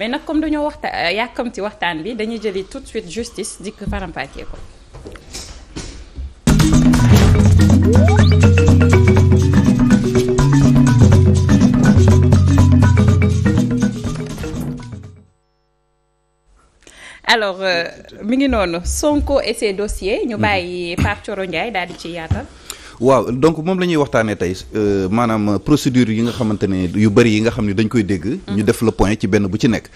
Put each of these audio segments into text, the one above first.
mais nag comme dañoo waxta euh, yàkkamti waxtaan bi dañuy jëli tout de suite justice dikk farampàccee ko alors euh, mi ngi noonu Sonko et ses ñu mhm. bàyyi Pape Thioro Ndiaye daal di ci yaatal waaw donc moom la ñuy waxtaanee tey euh, maanaam procédure yi nga xamante ne yu bëri yi nga xam ne dañ koy dégg. ñu def le point ci benn bu ci nekk.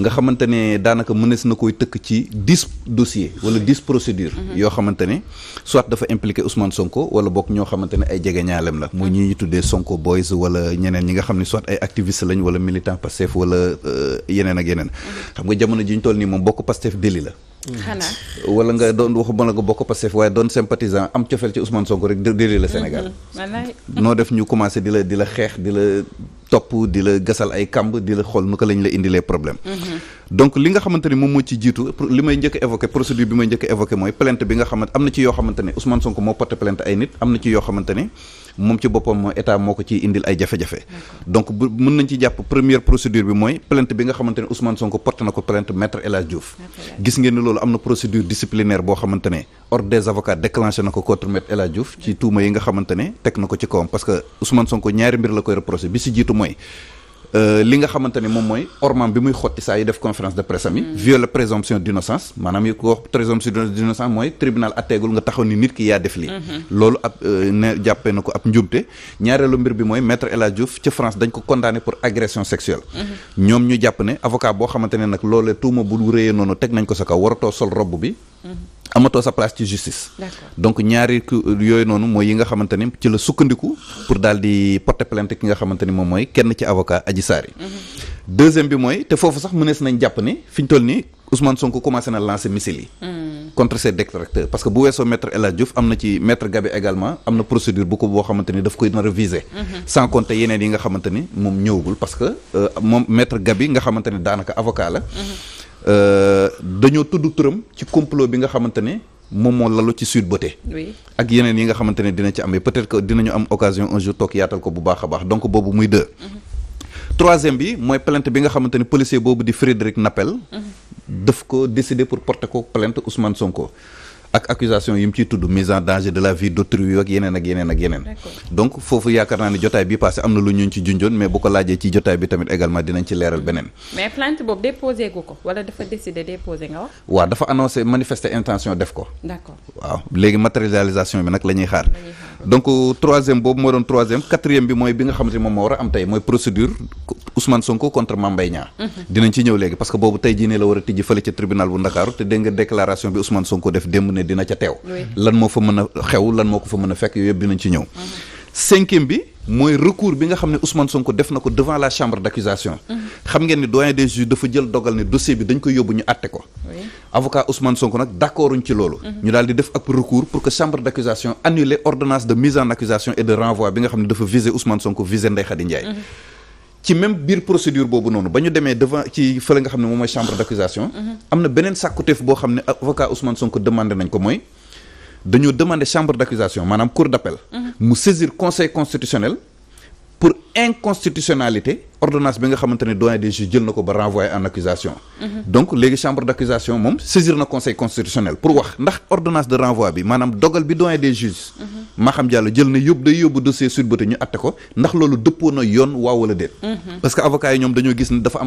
nga xamante ne daanaka mënees na koy tëkk ci dix dossiers wala dix procédures. yoo xamante ne soit dafa impliqué Ousmane Sonko wala bokk ñoo xamante ne jege jegeñaaleem la. muy ñi ñuy tuddee Sonko boys wala ñeneen ñi nga xam ne soit ay activiste lañ wala militant Pastef wala euh, yeneen ak yeneen. xam nga jamono ji ñu toll nii moom bokk Pastef déli la. xanaa wala nga doon waxuma nga bokk Pastef waaye doon sympathisant am cofeel ci Ousmane Sonko rek diri la Sénégal. Mm-hmm. noo def ñu commencé di la xeex di la. topp di la gasal ay kàmb di la xool naka lañ la indilee problème. donc li nga xamante moom moo ci jiitu li may njëkk évoqué procédure bi may njëkk évoqué mooy plainte bi nga xamante am na ci yoo xamante ne Ousmane ko ciy na ko plainte maître El gis ngeen loolu am na procédure disciplinaire boo xamante ne ordre des na ko contre maître ci tuuma yi nga xamante teg na ko ci kawam parce que Ousmane Sonko ñaari mbir la koy reproché mooy euh, li nga xamante moom mooy ormam bi muy xotti saa yi def conférence de presse am mm. présomption d'innocence maanaam yu ko wax présomption d'innocence mooy tribunal atteegul nga taxaw ni nit ki yaa def lii mm-hmm. loolu ab euh, ne jàppee na ko ab njubte ñaareelu mbir bi mooy maître El Hadj Diouf ca France dañ ko condamné pour agression sexuelle mm-hmm. ñoom ñu jàpp ne avocat boo xamante nag loolee tuuma bu réyee noonu teg nañ ko sa kaw waratoo sol robb bi mm-hmm. amatoo sa place ci justice. donc ñaari yooyu noonu mooy yi nga xamante ci la sukkandiku pour daal di porter ki nga xamante ni mooy kenn ci avocat Adji Sarr yi. Mhm. deuxième bi mooy te foofu sax mënees nañ jàpp ni fi ñu toll nii Ousmane Sonko commencé na lancer missile yi. Mhm. contre ses détracteurs parce que bu weesoo maître El Hadj Diouf am na ci maître Gabi également am na procédure bu ko boo xamante ni koy nar a mhm. sans compter yeneen yi nga xamante Euh, dañoo tudd turam ci complot bi nga xamante ne moom moo lalu ci Sweet Beauté ak yeneen yi nga xamante ne dina ci amee peut-être que dinañu am occasion un jour toog yaatal ko bu baax a baax donc boobu muy deux mm-hmm. troisième bi mooy plainte bi nga xamante ne policier boobu di Frédéric Nappel mm-hmm. daf ko décider pour porter ko plainte Ousmane Sonko ak accusation yi mu ciy tudd mise en danger de la vie d'autrui ak ak yeneen ak yeneen donc foofu yaakaar naa ne jotaay bi passé am na lu ñun ci junjoon mais bu ko laajee ci jotaay bi tamit également dinañ ci leeral beneen mais plainte boobu déposé gu ko wala dafa décidé déposé nga wax waaw dafa annoncé manifester intention def ko waaw léegi matérialisation bi nag la xaar donc euh, troisième boobu moo doon troisième quatrième bi mooy bi nga xam ne moom moo war a am tey mooy procédure Ousmane Sonko contre Mame Mbaye Niang mhm. dinañ ci ñëw léegi parce que boobu tey jii ne la war a tijji fële ca tribunal bu Ndakaaru te dégg nga déclaration bi Ousmane Sonko def démb ne dina ca teew lan moo fa mën a xew lan moo ko fa mën a fekk yooyu yëpp dinañ ci ñëw mhm. cinquième bi mooy recours bi nga xam ne Ousmane Sonko def na ko devant la chambre d'accusation xam ngeen ni doyen des juges dafa jël dogal ne dossier bi dañ koy yóbbu ñu àtte ko avocat Ousmane Sonko nag mhm. viser Ousmane Sonko viser mhm. ci même biir procédure boobu noonu ba ñu demee devant ci fële nga xam ne moom mooy chambre d'accusation mhm. am na beneen sàkkuteef boo xam ne avocat Ousmane Sonko demandé nañ ko mooy dañoo demande chambre d'accusation maanaam cour d'appel mhm. mu saisir conseil constitutionnel pour inconstitutionnalité ordonnance bi nga xamante ne doyen des juges jël na ko ba renvoyer en accusation mhm. donc léegi chambre d'accusation moom saisir na conseil constitutionnel pour wax ndax ordonnance de renvoi bi maanaam dogal bi doyen des juges mhm. maa xam jàll jël na yóbbu day yóbbu dossier Sweet Beauté ñu atte ko ndax loolu dëppoo na yoon waaw wala déet parce que avocat yi ñoom dañoo gis ne dafa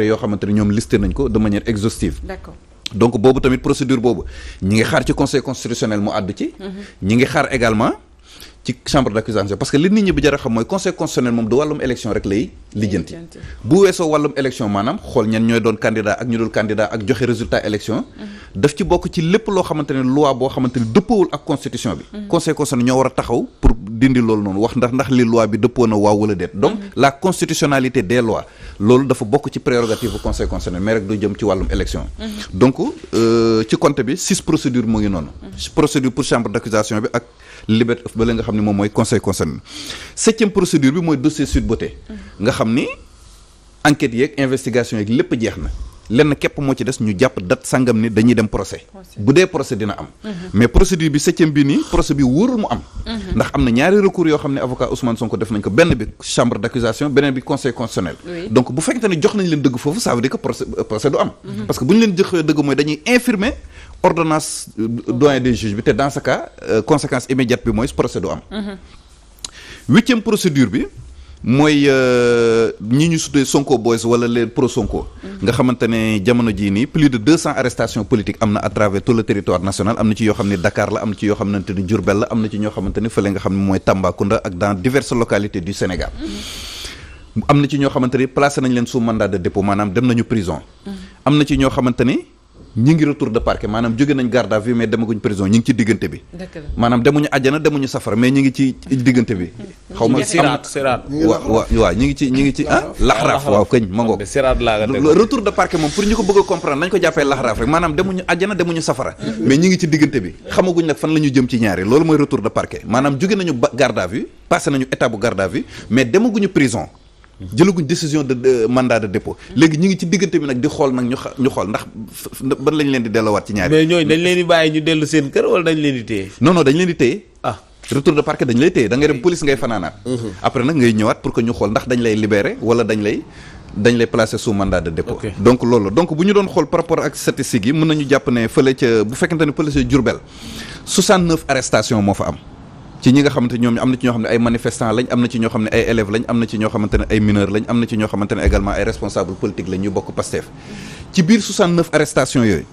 yoo xamante ne ñoom listé nañ donc boobu tamit procédure boobu ñi ngi xaar ci conseil constitutionnel mu àddu ci. Mm-hmm. ñi ngi xaar également. ci chambre d'accusation parce que li nit ñi bi jar mooy conseil constitutionnel moom du wàllum élection rek lay lijjanti bu weesoo wàllum élection maanaam xool ñan ñooy doon candidat ak ñu dul candidat ak joxe résultat élection mhm. daf ci bokk ci lépp loo xamante loi boo xamante ne ak constitution bi conseil mhm. conseil constitutionnel mhm. rek du jëm ci wàllum élection donc euh, ci compte bi six procédures mu ngi noonu procédure pour chambre d'accusation bi ak liberté xam moom mooy conseil concerné septième procédure bi mooy dossier Sweet Beauté nga xam ni enquêtes yeeg investigation yeeg lépp jeex na lenn képp moo ci des ñu jàpp date sangam ni dañuy dem procès bu dee procès dina am mhm. mais procédure bi septième bi nii procès bi wóorul mu am mhm. ndax am na ñaari recours yoo xam ne avocat Ousmane Sonko def nañ ko benn bi chambre d'accusation beneen bi conseil constitutionnel donc bu fekkente ne jox nañ leen dëgg foofu ça veut dire que procès euh, du am mhm. parce que bu ñu leen joxee dëgg mooy dañuy infirmer ordonnance euh, doyen des juges bi te dans ce cas euh, conséquence immédiate bi mooy procès du am huitième bi mooy euh, ñi ñu sutee Sonko boys wala les pro Sonko. nga xamante ne jamono jii nii plus de deux cent arrestations politiques am na à travers tout le territoire national am na ci yoo xam ne Dakar la am na ci yoo xamante ne Diourbel la am na ci ñoo xamante ne fële nga xam ne mooy Tambacounda ak dans diverses localités du Sénégal. am na ci ñoo xamante ne placé nañ leen sous mandat de dépôt maanaam dem nañu prison. am na ci ñoo xamante ñi ngi retour de parquet maanaam jóge nañ garde à vue mais demaguñ prison ñi ngi ci diggante bi maanaam demuñu àjjana demuñu safara mais ngi ci diggante bi xaw ma siraat ngi ci ñi ngi ci ah laxraaf waaw këñ ma ngoog retour de parquet moom pour ñu a comprendre nañ ko jàppee ngi ci diggante bi xamaguñ nag fan la ñu jëm ci ñaari loolu mooy retour de parquet maanaam jóge nañu garde à vue passé nañu état bu garde à vue mais demaguñu prison jëlaguñ décision de mandat de dépôt léegi ñu ngi ci diggante bi nag di xool nag ñu ñu xool ndax ban lañ leen di dellowaat ci ñaari mais ñooñu dañ leen di bàyyi ñu dellu seen kër wala dañ leen di téye non non dañ leen di téye ah retour de parquet dañ lay téye da ngay dem police ngay fanaanaat mhm. après nag ngay ñëwaat pour que ñu xool ndax dañ lay libéré wala dañ lay dañ lay placer sous mandat de dépôt donc loolu donc bu ñu doon xool par rapport ak statistiques yi mën nañu jàpp ne ne police Diourbel 69 arrestation moo am ci ñi nga xamante ñoom ñoo xam ne ay manifestants lañ am na ci ñoo xam ne ay élèves lañ am na ci ñoo xamante ne ay mineurs lañ am na ci ñoo xamante ne également ay responsables politiques lañ bokk Pastef ci biir 69 arrestations yooyu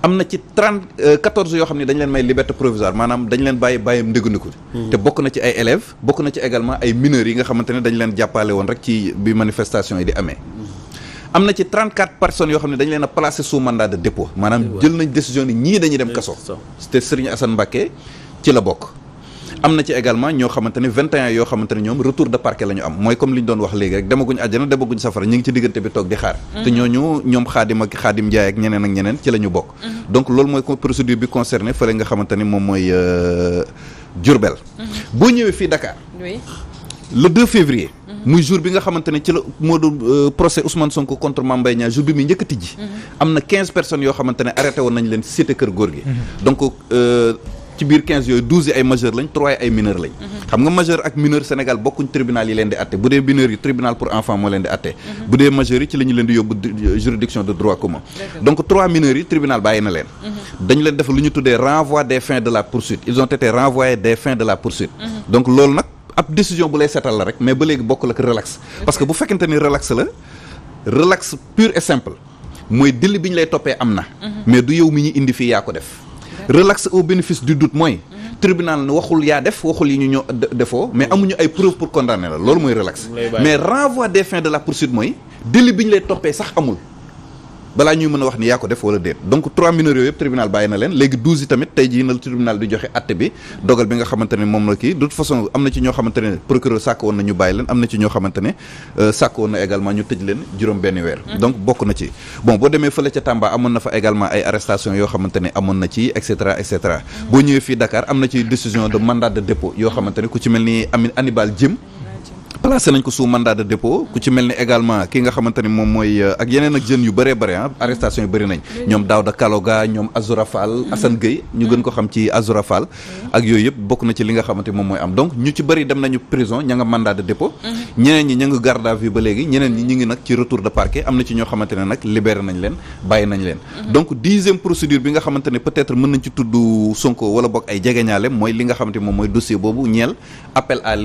am na ci 30 14 euh, xam ne dañ leen may liberté provisoire maanaam dañ leen bàyyi bàyyam ndéggandiku hmm. te bokk na ci ay na ci également ay yi nga xamante ne dañ leen jàppale woon rek ci bi manifestation yi hmm. na ci 34 personnes yoo xam ne dañ leen a placé sous mandat de dépôt maanaam hmm. jël nañ décision ni ñii dañuy dem kaso te Serigne Assane Mbacké ci la bokk am na ci également ñoo xamante ne 21 yoo xamante ne ñoom retour de parquet la ñu am mooy comme li ñu doon wax léegi rek demaguñ àjjana demaguñ safara ñu ngi ci diggante bi toog di xaar mm-hmm. te ñooñu ñoom xaadim xaadim njaay ak ñeneen ak ñeneen ci la bokk mm-hmm. donc loolu mooy procédure bi concerné fële nga xamante ne moom mooy euh, Diourbel mm-hmm. boo ñëwee fii Dakar le 2 février muy jour bi nga xamante ne ci la moo doon euh, procès Ousmane Sonko contre Mame Mbaye jour bi muy na quinze personnes yoo xamante ne arrêté woon nañ leen cité kër góor gi ci biir 15 yooyu 12 yi ay majeur lañ 3 yi ay mineur lañ. xam nga majeur ak mineur Sénégal bokkuñ tribunal yi leen di atte bu dee mineur yi tribunal pour enfant moo leen di atte. Mhm. bu dee majeur yi ci la leen di yóbbu euh, juridiction de droit commun. donc 3 mineurs yi tribunal bàyyi na leen. Mhm. dañ leen def lu ñu tuddee renvoi des fins de la poursuite ils ont été renvoyés des fins de la poursuite. Mhm. donc loolu nag ab décision bu lay seetal la rek mais ba léegi bokkul ak relax. parce que bu fekkente ni relax la relax pur simple mooy délit bi ñu lay toppee am na. mais du yow mi ñu indi fii yaa ko def. relax au bénéfice du doute mooy. Mhm. tribunal ne waxul yaa def waxul yi ñu ñoo defoo mais mhm. amuñu ay preuve pour condamner la loolu mooy relax. mais renvoi des fins de la poursuite mooy délit bi ñu lay toppee sax amul. balaa ñuy mën a wax ni yaa ko def wala déet donc trois mineurs yooyu yëpp tribunal bàyyi na leen léegi tamit tey jii na tribunal di joxe atte bi dogal bi nga xamante ne moom la kii de toute façon am na ci ñoo ne procureur sàkk woon na ñu bàyyi leen am na ci ne euh, sàkk woon na également ñu tëj leen juróom benn weer mm. donc bokk na ci bon boo demee fële ca Tamba amoon na fa également ay arrestation yoo xamante ne amoon na ci et cetera et cetera mm. boo ñëwee fi Dakar am na ci décision de mandat de dépôt yoo xamante ne ku ci mel ni Amin Anibal Jim placé nañ ko sous mandat de dépôt ku ci mel ni également ki nga xamante ni moom mooy euh, ak yeneen ak jeunes yu bëree bëri ah arrestation yu bëri nañ ñoom Daouda Kaloga ñoom Azoura Fall mm. ñu gën ko xam ci Azoura ak yooyu yëpp bokk na ci li nga xamante moom mooy am donc ñu ci bëri dem nañu prison ña nga mandat de dépôt mm-hmm. ñeneen ñi ña nga garde à vue ba léegi ñeneen ñi ñu ngi nag ci retour de parquet am na ci ñoo xamante ne nag libéré nañ leen bàyyi nañ leen mm-hmm. donc dixième procédure bi nga xamante ne peut-être mën nañ ci tudd Sonko wala boog ay jegeñaale mooy li nga xamante moom mooy dossier boobu ñeel appel à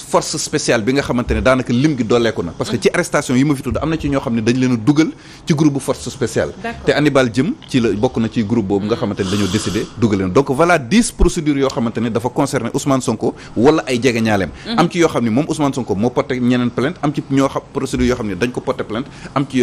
force spéciale bi nga xamante daanaka lim gi dooleeku na parce que ci arrestation yi ma fi tudd am na ci ñoo xam ne dañ leen dugal ci groupe bu force spéciale te Hannibal Djim ci la bokk na ci groupe boobu nga xamante dañoo décidé dugal donc voilà dix procédures yoo xamante dafa concerné Ousmane Sonko wala ay jege ñaaleem mhm. am ci yoo xam ne moom Ousmane Sonko moo porté ñeneen plainte am ci ñoo xam procédure yoo xam ne dañ ko porté plainte am ci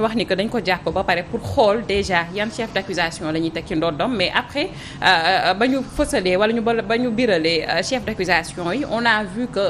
wax ni que dañ ko jàpp ba pare pour xool déjà yan chef d'accusation la teg ci ndoddam mais après euh, euh, ba ñu fësalee wala ñu ba ñu biralee euh, chef d'accusation yi on a vu que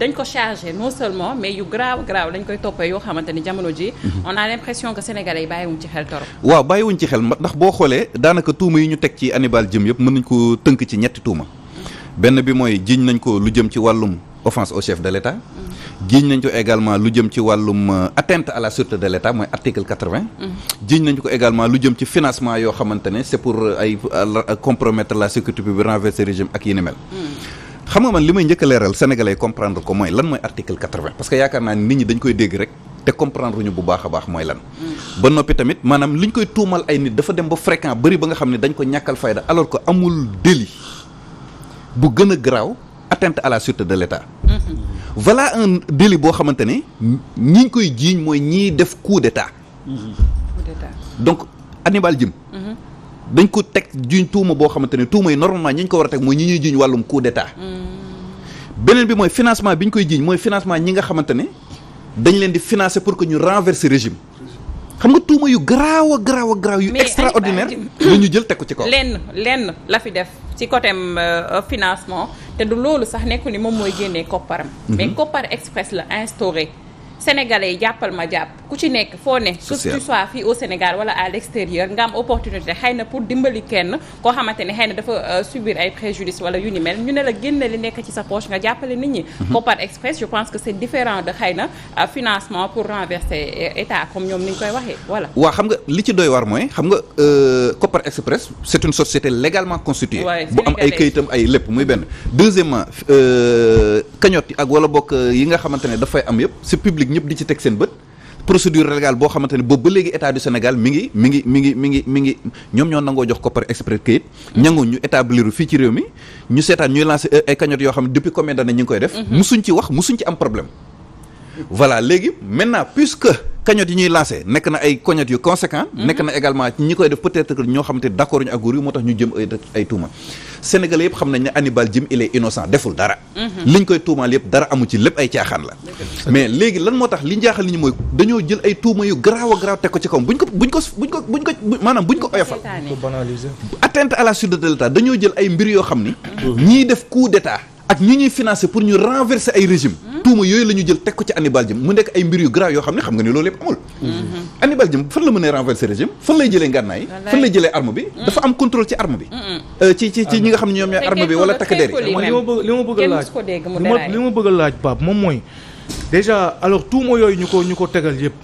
dañ ko chargé non seulement mais yu graaw graaw lañ koy toppee yoo xamante ni jamono ji mhm. on a l'impression que sénégalais yi bàyyiwuñ ci xel torop waaw bàyyiwuñ ci xel ndax boo xoolee daanaka tuuma yi ñu teg ci Hannibal Djim yëpp mën nañ ko tënk ci ñetti tuuma mhm. benn bi mooy jiiñ nañ ko lu jëm ci wàllum offense au chef de l'État mhm. jiiñ nañ ko également lu jëm ci wàllum euh, atteinte à la sûreté de l'État mooy article quatre-vingt. Mm-hmm. jiiñ nañ ko également lu jëm ci financement yoo xamante ne c'est pour euh, ay euh, compromettre la sécurité publique renverser régime ak yi mel. Mm. xam nga man li may njëkk a leeral sénégalais comprendre ko mooy lan mooy article quatre-vingt parce que yaakaar naa nit ñi dañ koy dégg rek. te comprendre ñu bu baax a baax mooy lan. Mm. ba noppi tamit maanaam li ñu koy tuumal ay nit dafa dem ba fréquent bari ba nga xam ne dañ ko ñàkkal fayda alors que amul délit bu gën a garaaw atteinte à la de l'État. voilà un délit boo xamante ne ñi koy jiiñ mooy ñiy def coup d'état. coup d'état donc Hannibal Djim mhm. dañ ko teg jiiñ tuuma boo xamante ne tuuma yi normalement ñi ñu ko war a teg mooy ñi ñuy jiiñ wàllum coup d'état. Mhm. beneen bi mooy financement bi ñu koy jiiñ mooy financement ñi nga xamante ne dañ leen di financé pour que ñu renverser régime. xam nga tuuma yu garaaw a garaaw a garaaw yu extraordinaire lu ñu jël teg ko ci kaw lenn lenn la fi def ci côté euh, financement te du loolu sax nekku ni moom mooy génnee kopparam mhm. mais Koppar Express la instauré sénégalais yi jàppal ma jàpp ku ci nekk foo ne que tu sois fii au Sénégal wala à l'extérieur nga am opportunité xëy na pour dimbali kenn koo xamante ne xëy na dafa euh, subir ay préjudice wala yu ni mel ñu ne la génne li nekk ci sa poche nga jàppale nit ñi mhm. Kopar Express je pense que c'est différent de xëy na euh, financement pour renverser euh, état comme ñoom ni ñu koy waxee voilà waaw xam nga li ci doy war mooy xam nga Kopar Express c'est une société légalement constituée bu am ay këyitam ay lépp muy benn deuxièmement cagnotte yi ak wala bokk yi xamante ne dafay am yëpp publique ñëpp di ci teg seen bët procédure légale boo xamante ne boobu ba léegi état du Sénégal mi ngi mi ngi mi ngi mi ngi mi ngi ñoom ñoo nangoo jox koppar exprès kayit ñangu ñu établir fii ci réew mi ñu seetaan ñuy lancer ay cagnotte yoo xam ne depuis combien d'années ñu ngi koy def mhm. musuñ ci wax musuñ ci am problème voilà léegi maintenant puisque cagnotte yi ñuy lancé nekk na ay cagnotte yu conséquent mhm. nekk na également ñi koy def peut-être que ñoo xam te d'accord ñu ak nguur moo tax ñu jëm ay tuuma sénégalais yëpp xam nañ ne Hannibal il est innocent deful dara mhm. liñ koy tuumaal yëpp dara amu ci lépp ay caaxaan la mais léegi lan moo tax li njaaxal li ñu mooy dañoo jël ay tuuma yu garaaw a garaaw teg ko ci kaw buñ ko buñ ko buñ ko buñ ko maanaam buñ ko oyofal atteinte à la sûreté ak ñu ñuy financé pour ñu renverser ay régime tuuma yooyu la ñu jël teg ko ci Hannibal Djim mu nekk ay mbir yu grave yoo xam ne xam nga ne loolu yëpp amul mm-hmm. Hannibal Djim fan la mënee renverser régime fan lay jëlee ngànnaay yi fan lay jëlee arme bi dafa am contrôle ci arme bi euh, ci ci ci ñi nga xam ne ñoom ñooy arme bi wala takk der yi li ma bëgg a laaj li ma bëgg laaj Pape moom mooy déjà alors tuuma yooyu ñu ko ñu ko tegal yëpp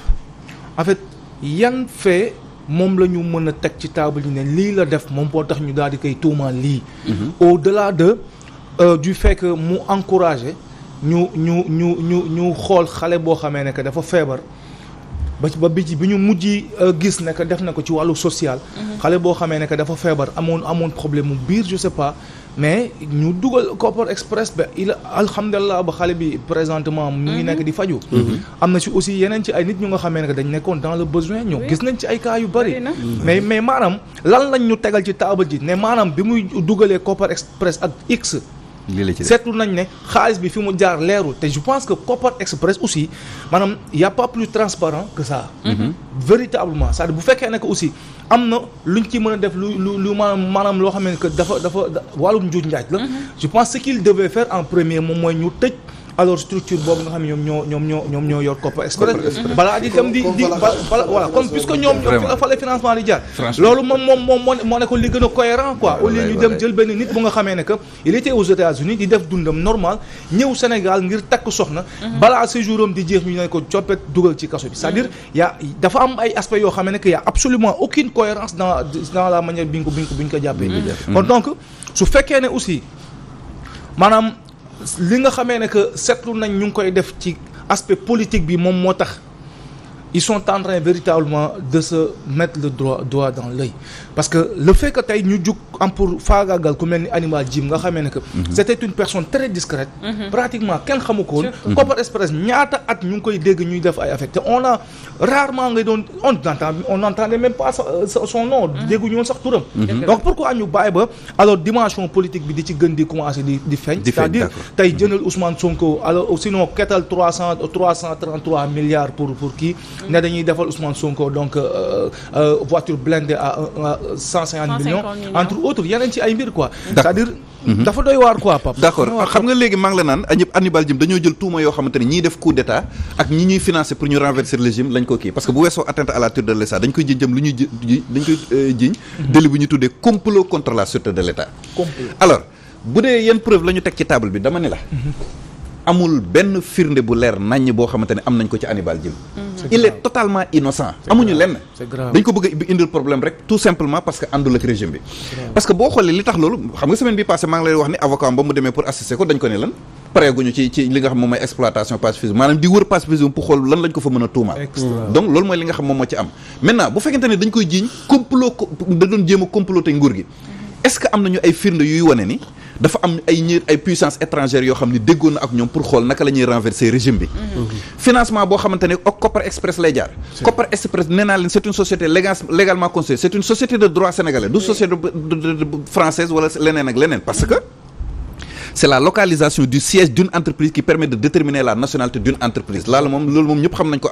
en fait yan fee moom la ñu mën a teg ci table ñu ne lii la def moom boo tax ñu daal di koy tuumaal lii mm-hmm. au delà de Euh, du fait que mu encouragé ñu ñu ñu ñu ñu xool xale boo xamee ne que dafa feebar ba ba bi ci bi ñu mujj euh, gis ne que def na ko ci wàllu social. Mhm. xale boo xamee ne que dafa feebar amoon amoon problème mu biir je sais pas mais ñu dugal Copper Express ba il alhamdulilah ba xale bi présentement. ñu ngi mhm. nekk di faju mhm. am na si aussi yeneen ci ay nit ñu nga xamee ne dañ nekkoon dans le besoin ñu gis nañ ci ay cas yu bari. mais mais maanaam lan lañ ñu tegal ci table ji ne maanaam bi muy dugalee Copper Express ak X. lii la ci seetlu nañ ne xaalis bi fi mu jaar leerul te je pense que Copper Express aussi maanaam y' a pas plus transparent que ça. Mm -hmm. véritablement cest à bu fekkee ne aussi am na lu luñ ci mën a def lu lu lu maanaam loo xam ne que dafa dafa wàllum njuuj njaaj la. Mhm. je pense ce qu'il devait faire en premier moom mooy ñu tëj. alors structure boobu nga xam ne ñoom ñoo ñoom ñoo ñoom ñoo yor Coppa Express balaa di dem ñoom fa la financement di jaar loolu moom moom moom moo moo li gën a cohérent quoi au lieu dem jël benn nit bu nga xamee ne que def dundam normal ñëw Sénégal ngir takk soxna mhm. balaa séjour di jeex ñu ne ko coppet dugal ci kaso bi mhm. cest dire yaa dafa am ay aspects yoo xamee ne que a absolument aucune cohérence dans la manière bi ñu ko bi ñu ko jàppee kon donc li nga xamee ne que seetlu nañ ñu ngi koy def ci aspect politique bi moom moo tax ils sont en train véritablement de se mettre le droit dans l'œil parce que le fait que tey ñu jug am pour faagaagal ku mel ni Hannibal Djim nga xamee ne que mhm. c'était une personne très discrète mhm. pratiquement kenn xamu ko Copper Express ñaata at ñu ngi koy dégg ñuy def ay affecté on a rarement ngay doon on entend on pas son nom mhm. dégguñu woon sax turam donc pourquoi ñu bàyyi ba alors dimension politique bi di ci gën di commencer di di feeñ cest à tey jënal Ousmane cent trois cent trente-trois milliards pour pour kii ne dañuy defal Ousmane Sonko donc euh, euh, voiture blindée à euh, cent cinquante entre autres yeneen ci ay mbir quoi c'est-à-dire mhm. dafa doy waar quoi Pape d'accord xam nga léegi maa ngi la naan ñëpp Hannibal Djim dañoo jël tuuma yoo xamante ne ñiy def coup d'état ak ñi ñuy financer pour ñu renverser le régime ko kii parce que bu weesoo atteinte à la sûreté de l'État dañ koy jiñ jëm lu ñuy ji dañ koy jiñ mhm. délit bu ñu tuddee complot contre la sûreté de l'État alors bu dee yenn preuve la ñu teg ci table bi dama la mhm. amul benn firnde bu leer naññ boo xamante ne am nañ ko ci Hannibal Djim il est totalement innocent amuñu lenn dañ ko bëgg a problème rek tout simplement parce que àndul ak régime bi parce que boo xoolee li tax loolu xam nga semaine bi passé maa ngi lay wax ni avocat ba mu demee pour lan lañ ko fa mën a tuumaal donc loolu mooy li nga xam moom moo ci am maintenant bu fekkente ne dañ koy jiiñ complot da doon jéem a nguur gi est-ce que am nañu ay firnde yuy wane ni dafa am ay ñi ay puissances étrangères yoo xam ne déggoon na ak ñoom pour xool naka la ñuy renverser régime bi. Mhm. financement boo xamante ne ak Copper Express lay jaar. Copper Express nee naa leen c'est une société légalement constituée c'est une société de droit sénégalais du société française wala leneen ak leneen parce que. c'est la localisation du siège d'une entreprise qui permet de déterminer la nationalité d'une entreprise laala moom loolu moom ñëpp xam nañ ko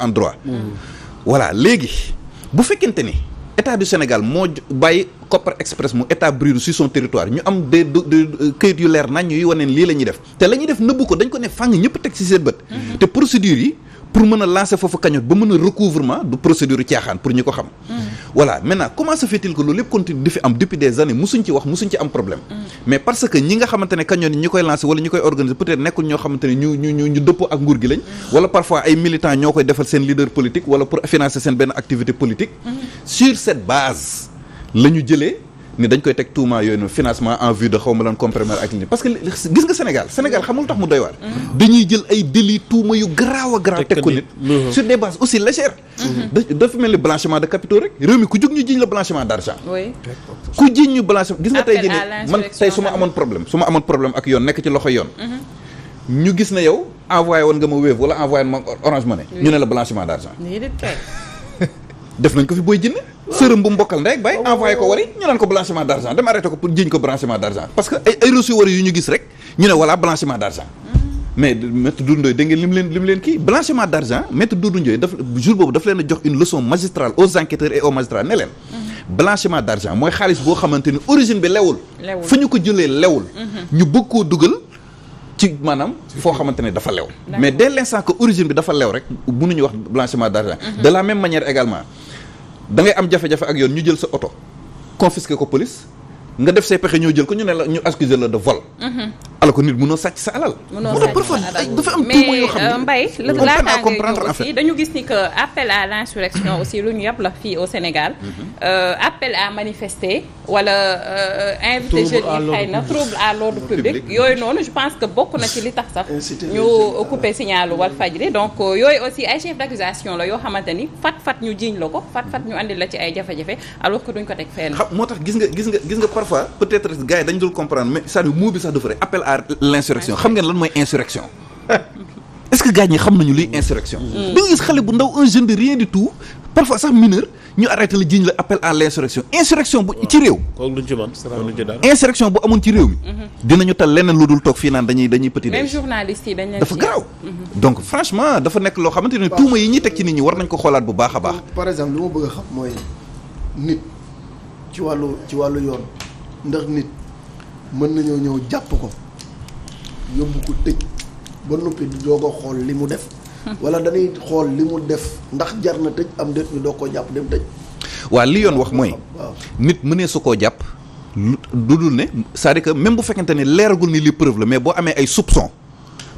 état du Sénégal moo bàyyi Copper Express mu établir sur son territoire ñu am de euh, këyit yu leer nañ ñuy waneen lii la ñuy def te la ñuy def nëbbu ko dañ ko ne fàng ñëpp teg ci seen bët mm-hmm. te procédure yi pour mën a lancer foofu cagnotte ba mën a recouvrement du procédure caaxaan pour ñu ko xam. voilà maintenant comment se il que loolu lépp continue di fi am depuis des années musuñ ci wax musuñ ci am problème. mais parce que ñi nga xamante ne ñi koy lancer wala ñi koy organiser peut-être nekkul ñoo xamante ñu ñu ñu dëppoo ak nguur gi lañ. wala parfois ay militants ñoo koy defal seen leader politique wala pour financer seen benn activité politique. Mm-hmm. ni dañ koy teg tuuma yooyu noonu financement en vue de xaw ma lan compromettre ak ni parce que gis nga Sénégal Sénégal xamul tax mu doy waar dañuy jël ay délit tuuma yu garaaw a garaaw teg ko nit sur des aussi légères mhm. dafa mel ni blanchiment de capitaux rek réew mi ku jug ñu jiñ la blanchiment d'argent ku jiñ ñu blanchiment gis nga tey jii ne man tey su ma amoon problème su ma amoon problème ak yoon nekk ci loxo yoon mhm. ñu gis na yow envoyé woon nga def nañ ko fi booy jënd sërëm bu mbokkal ndey ak bay envoyé ko wari ñu naan ko blanchiment d' argent dem arrêté ko pour jiñ ko blanchiment d' parce que ay ay reçu wari yu ñu gis rek ñu ne voilà blanchiment d' mm. mais maître Doudou Ndoye leen lim leen kii blanchiment d' argent maître Doudou Ndoye daf jour boobu daf leen a jox une leçon magistrale aux enquêteurs et aux magistrats ne leen mm-hmm. blanchiment d' mooy xaalis boo xamante ni origine bi lewul fu ñu ko jëlee lewul mm-hmm. ñu bëgg koo dugal ci maanaam foo xamante ne dafa lew mais dès l' instant que bi dafa lew rek mënuñu wax blanchiment d' mm-hmm. la même manière également da ngay am jafe-jafe ak yoon ñu jël sa oto confisqué ko police nga def say pexe ñoo jël ko ñu ne la ñu accuser la de vol. Mm-hmm. alors que nit mënoo sàcc sa alal. mënoo sàcc sa alal dafa am témoin yoo xam ngay euh, ñëw aussi dañu gis ni que appel à l'insurrection aussi lu ñu yàpp la fii au Sénégal. Mm-hmm. Euh, appel à manifester wala euh, invité jeunes yi xëy na trouble à l'ordre public yooyu noonu je pense que bokk na ci li tax sax ñu couper signalu Walfadjri donc yooyu aussi ay chef d'accusation la yoo xamante ni fat fat ñu jiiñ la ko fat fat ñu andi la ci ay jafe-jafe alors que duñ ko teg fenn. moo tax gis nga gis nga gis nga parfois peut-être à l'insurrection xam ngeen lan mooy insurrection est-ce que gars ñi xam nañu luy insurrection da mm. nga gis xale bu ndaw un jeune de rien tout parfois sax mineur ñu arrêté la jiñ la appel à l'insurrection insurrection bu ci réew insurrection bu amoon ci réew mi mm-hmm. dinañu tal leneen lu dul toog fii naan dañuy dañuy petit dafa garaaw mm-hmm. donc franchement dafa nekk loo xamante ne tuuma yi ñuy teg ci nit ñi war nañ ko xoolaat bu baax a baax par exemple li ma bëgg a xam mooy nit ci wàllu ci wàllu yóbbu ko tëj ba noppi di doog xool li mu def. wala dañuy xool li mu def ndax jar na tëj am déet ñu doog koo jàpp dem tëj. waaw li yoon wax mooy. nit mënee su koo jàpp. lu dudul ne c'est-à-dire que même bu fekkente ne leeragul ni li preuve la mais boo amee ay soupçon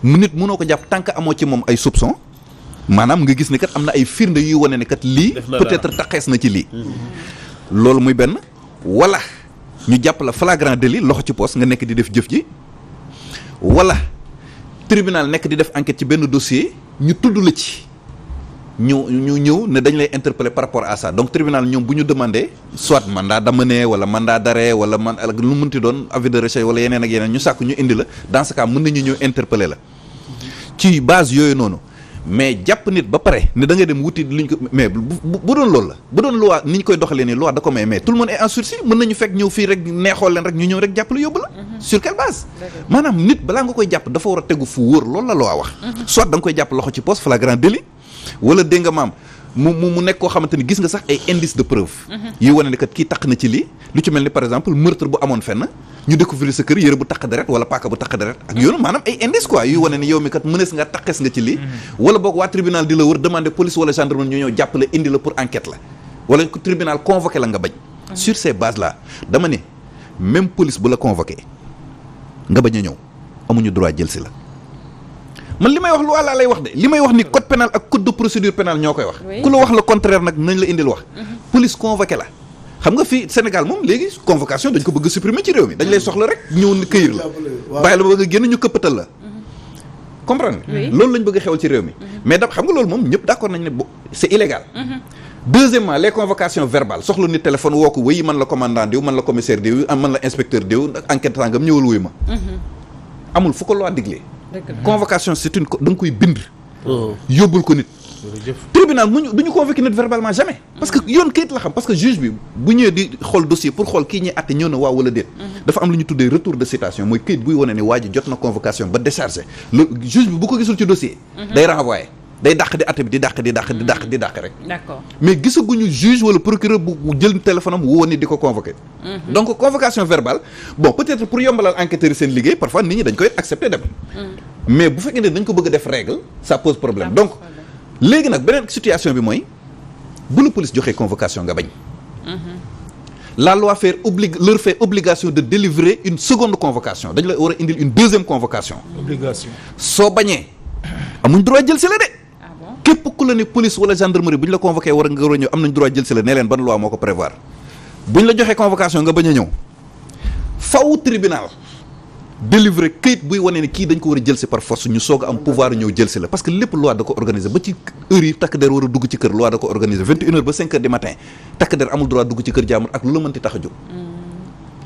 mu nit mënoo ko jàpp tant que amoo ci moom ay soupçon maanaam nga gis ni kat am na ay firnde yuy wane ne kat lii. peut-être taxees na ci lii. Mm-hmm. loolu muy benn wala ñu jàpp la flagrant délit loxo ci poos nga nekk di def jëf ji. wala tribunal nekk di def enquête ci benn dossier ñu tudd la ci ñu ñu ñëw ne dañu lay interpeller par rapport à ça donc tribunal ñoom bu ñu demandé soit mandat d'amener wala mandat d'arrêt wala man alag lu mun mënti doon avis de wala yeneen ak yeneen ñu sàkk ñu indi la dans ce cas nañu ñëw interpeller la ci base yooyu noonu. mais jàpp nit ba pare ne da ngay dem wuti luñ ko mais bu bu doon loolu la bu doon loi ni ñu koy doxalee nii loi da ko may mais tout le en sursis mën nañu fekk ñëw fii rek neexool leen rek ñu ñëw jàpp la yóbbu la. Mhm. sur quelle maanaam nit balaa nga koy jàpp dafa war a tegu fu wóor loolu la loi wax. Mhm. soit da koy jàpp loxo ci poste flagrant délit wala dégg maam mu mu mu nekk koo xamante ni gis nga sax ay indice de preuve mhm. yuy wane ne kat kii taq na ci lii lu ci mel ni par exemple meurtre bu amoon fenn ñu découvrir sa kër yëre bu taq deret wala paaka bu taq deret ak mhm. yoonu maanaam ay indice quoi yuy wane ne yow mi kat mënees nga taqees nga ci lii mhm. wala boog waa tribunal di la wër demander police wala gendarmerie ñu ñëw jàppale indi la pour enquête la wala tribunal convoqué la nga bañ sur ces bases là dama la convoqué jël si la man li may wax lu wàlla lay wax de li may wax ni code pénal ak code de procédure pénale ñoo koy wax ku la wax la contraire nag nañ la indil wax mhm. police convoqué la xam nga fii Sénégal moom léegi convocation dañ ko bëgg supprimer ci réew mi dañ lay soxla rek ñëw na këyir la bàyyi la ba nga génn ñu këppatal la mhm. comprendre loolu lañ bëgg a xew ci réew mi mhm. mais da xam nga loolu moom ñëpp d'accord nañ ne c'est illégal deuxièmement les convocations verbales soxla nit téléphone woo ko wéyi man la commandant diw man la commissaire diw man la inspecteur diw enquête tàngam ñëwal wuy ma amul fu ko loi diglee convocation c'est une da nga koy bind. Hmm. yóbbul ko nit. tribunal mu ñu du ñu convoqué nit verbalement jamais. parce que hmm. yoon kayit la xam parce que juge bi bu ñëwee di xool dossier pour xool kii ñuy àtte ñëw na waaw wala déet. Hmm. dafa am lu ñu tuddee retour de citation mooy kayit buy wane ne waa jot na convocation ba déchargé le juge bi bu ko gisul ci dossier. day renvoyé. day dàq di àtte bi di dàq di dàq di dàq di dàq rek. Mm. d'accord mais gisaguñu juge wala procureur bu jël téléphone woo ni di ko convoqué. Mm-hmm. donc convocation verbale bon peut-être pour yombalal enquêteurs yi seen liggéey parfois nit ñi dañ koy accepté dem. Mm. mais bu fekkee ne dañ ko bëgg a def règle ça pose problème donc léegi nag beneen situation bi mooy bu la police joxee convocation nga bañ. Mm-hmm. la loi fait obli leur fait obligation de délivrer une seconde convocation dañu la war a indil une deuxième convocation. obligation soo bañee amuñ droit jël si la képp ku la ne police wala gendarmerie bu ñu la convoqué war nga war a ñëw am nañ droit jël la ne leen ban loi moo ko prévoir bu ñu la joxee convocation nga bañ a ñëw faw tribunal délivrer këyit buy wane ne kii dañ ko war a jël si par force ñu soog am pouvoir ñëw jël la parce que lépp loi da ko organiser ba ci heure yi takk der war a dugg ba cinq heures du matin takk der amul droit dugg ci kër jaamur ak lu la mënti tax a jóg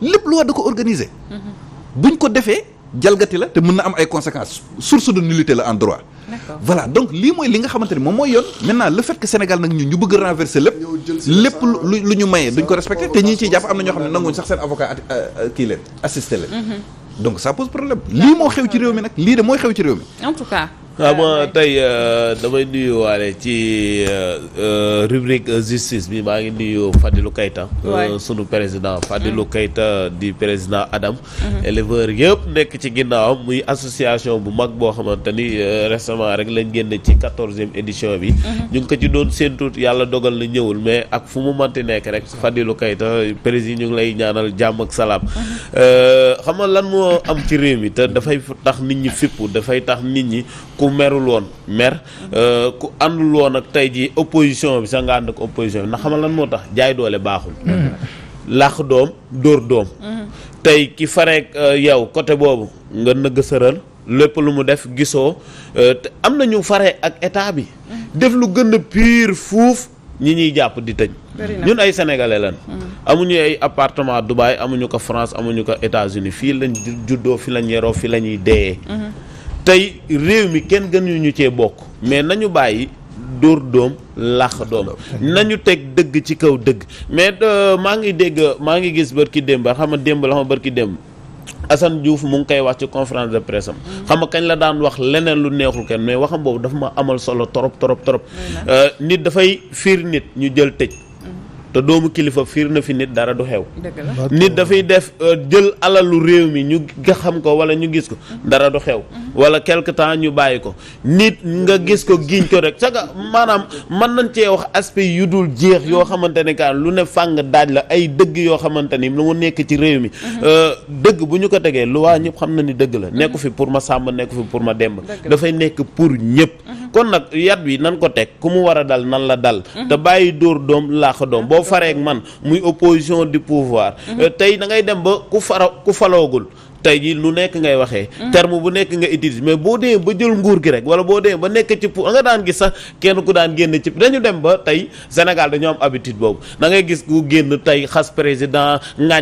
mm. lépp da ko organiser mm-hmm. jalgati la te mën na am ay conséquences source de nullité la en droit. voilà donc lii mooy li nga xamante ni moom mooy yoon. maintenant le fait que Sénégal nag ñun ñu bëgg a renverser lépp. lépp lu lu ñu maye duñ ko respecté te ñi ciy jàpp am na ñoo xam ne nanguñ sax seen avocat euh, kii leen assisté leen. Mm-hmm. donc ça pose problème lii moo xew ci réew mi nag lii de mooy xew ci réew mi. xam nga tey euh, damay waale ci euh, euh, rubrique justice bi maa ngi nuyu Fadilou Keita. sunu président Fadilou mm. Keita di président Adam. Mm-hmm. éleveur yëpp nekk ci ginnaawam muy association bu mag boo xamante ni récemment rek lañ génn ci quatorzième édition bi. Mm-hmm. ñu ngi ko ci doon séentu yàlla dogal na ñëwul mais ak fu mu manti nekk rek Fadilou Keita président ñu ngi lay ñaanal jàmm ak salaam. Mm-hmm. xam nga lan moo am ci réew mi te dafay tax nit ñi fippu dafay tax nit ñi. ku merul woon mer euh, ku àndul woon ak tey ji opposition bi sax nga ànd ak opposition bi ndax xamal lan moo tax jaay doole baaxul mm-hmm. làq doom dóor doom mm-hmm. tey ki fareek euh, yow côté boobu nga nëgg sëral lépp lu mu def gisoo euh, te am na ñu fare ak état bi mm-hmm. def lu gën a pire fuuf ñi ñuy jàpp di tëj ñun ay sénégalais lan amuñu ay appartement Dubaï amuñu ko France amuñu ko États-Unis fii lañ juddoo fi lañ yeroo fi la ñuy deeyee tey réew mi kenn gënuñu ñu cee bokk mais nañu bàyyi dóor doom laax doom nañu teg dëgg ci kaw dëgg mais euh, maa ngi dégg maa ngi gis bërki démb xam nga démb la xam bërki démb Assane Diouf mu ngi koy wax ci conférence de presse xam nga kañ la daan wax leneen lu neexul kenn mais waxam boobu dafa ma amal solo torop torop torop euh, nit dafay fiir nit ñu jël tëj te doomu kilifa fiir na fi nit dara du xew nit dafay def euh, jël alalu réew mi ñu nga xam ko wala ñu gis ko mhm. dara du xew mhm. wala quelque temps ñu bàyyi ko nit nga gis ko giñ ko rek saga maanaam man nañ cee wax aspect yu dul jeex mhm. yoo xamante ne kaan lu ne fàng daaj la ay dëgg yoo xamante ni lu mu nekk ci réew mi euh, dëgg bu ñu ko tegee lu waa ñëpp xam na ni dëgg la nekku fi pour ma sàmb nekku fi pour ma demb dafay nekk pour ñëpp kon nag yat bi nan ko teg ku mu war a dal nan la dal fareek man muy opposition du pouvoir mhm. euh, tey da ngay dem ba ku fara ku faloogul tey jii lu nekk ngay waxee mm. terme bu nekk nga utiliser mais boo dee ba jël nguur gi rek wala boo dee ba nekk ci nga daan gis sax kenn ku daan génn ci dañu dem ba tey Sénégal dañoo am habitude boobu da ngay gis ku génn tey xas président la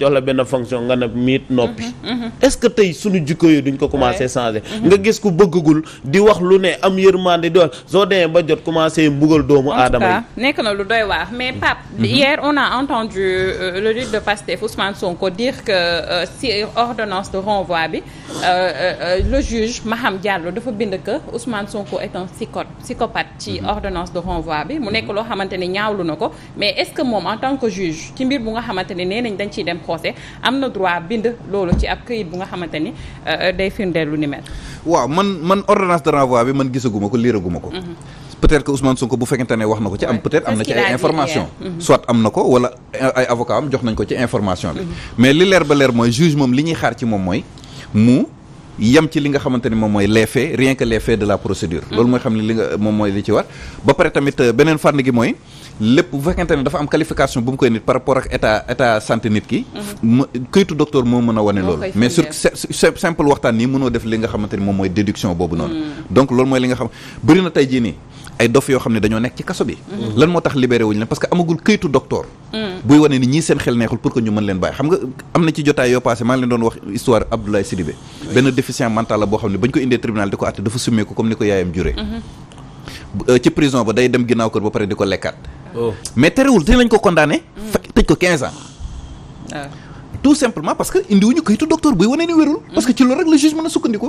jox la benn fonction nga ne miit noppi mm-hmm, mm-hmm. est-ce que tey suñu jikko yooyu ko commencé mm-hmm. gis ku bëggagul di wax lu ne am yërmande di wax soo demee ba jot commencé mbugal doomu aadama yi nekk na lu doy waar mais Pape hier on a entendu euh, le leader de Pastef Ousmane Sonko dire que euh, ordonance de renvoi bi euh, euh, euh, le juge xam Diallo dafa bind que Ousmane Sonko est un psychote psychopathe ci mhm. ordonnance de renvoi bi mu nekk mhm. loo xamante ne ñaawlu na ko mais est-ce que moom en tant que juge ci mbir bu nga xamante ne nee dañ ciy dem procès am na droit bind loolu ci ab këyit bu nga xamante ni day firndeel lu ni mel. waaw man man ordonnance de renvoi bi man gisaguma ko liiraguma ko. Mhm. peut-être que Ousmane Sonko bu fekkente ne wax na ko ci am peut-être am na ci ay information euh, mhm. soit am na ko wala ay avocat am jox nañ ko ci information bi mhm. mais li leer ba leer mooy juge moom li ñuy xaar ci moom mooy mu yem ci li nga xamante ni moom mooy les faits rien que les faits de la procédure mhm. loolu mooy xam ne li nga moom mooy li ci war ba pare tamit euh, beneen fànn gi mooy lépp bu fekkente ne dafa am qualification bu mu koy nit par rapport ak état état santé nit ki moo mën moom ay dof yoo xam ne dañoo nekk ci kaso bi mhm. lan moo tax libéré wuñu leen parce que amagul këyitu docteur mhm. buy wane ni ñii seen xel neexul pour que ñu mën leen bàyyi xam nga am na ci jotaay yoo passé maa leen doon wax histoire Abdoulaye Sidibé benn déficient mental boo xam ne bañ ko indee tribunal di ko àtte dafa summee comme ni ko yaayam juree mhm. euh, ci prison ba day dem ginnaaw kër ba pare di ko lekkaat oh. mais terewul te lañ ko condamné fekk tëj ko quinze tout simplement parce que indiwuñu kayitu docteur buy wane ni wérul parce que ci loolu rek la juge mën a sukkandiku